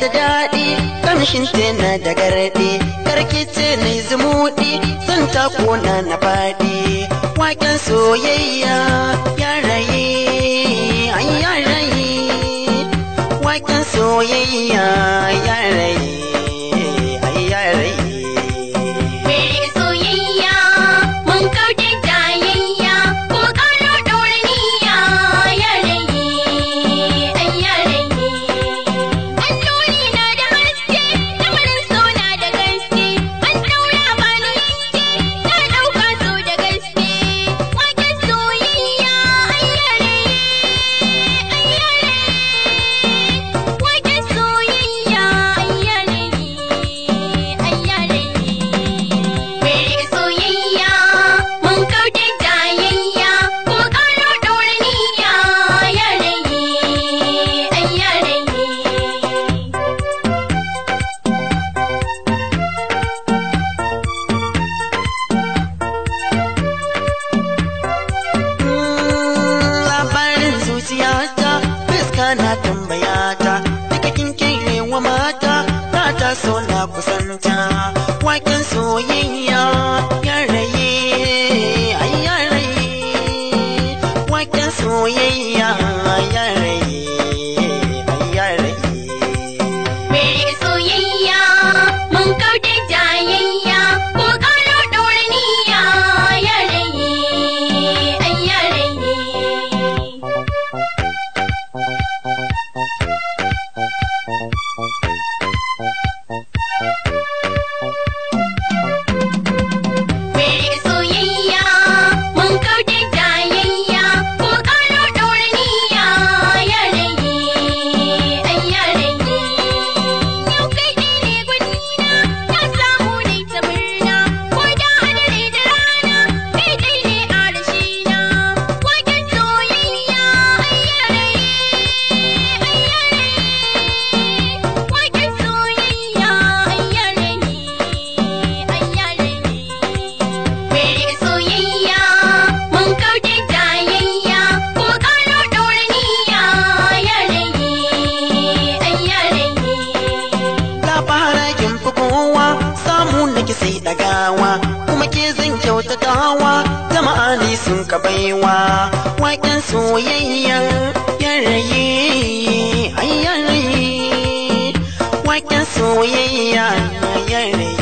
da daɗi kamshin tana da garaɗe karki ce na zumuɗi son ta kona na faɗi waken soyayya ya raye an ya raye waken soyayya ya raye na tambaya ta daga kin kai wa mata ta so na kusanta waken soye Thank you. sun ka baiwa waƙen soyayyar yarayi ai waƙen soyayya yarayi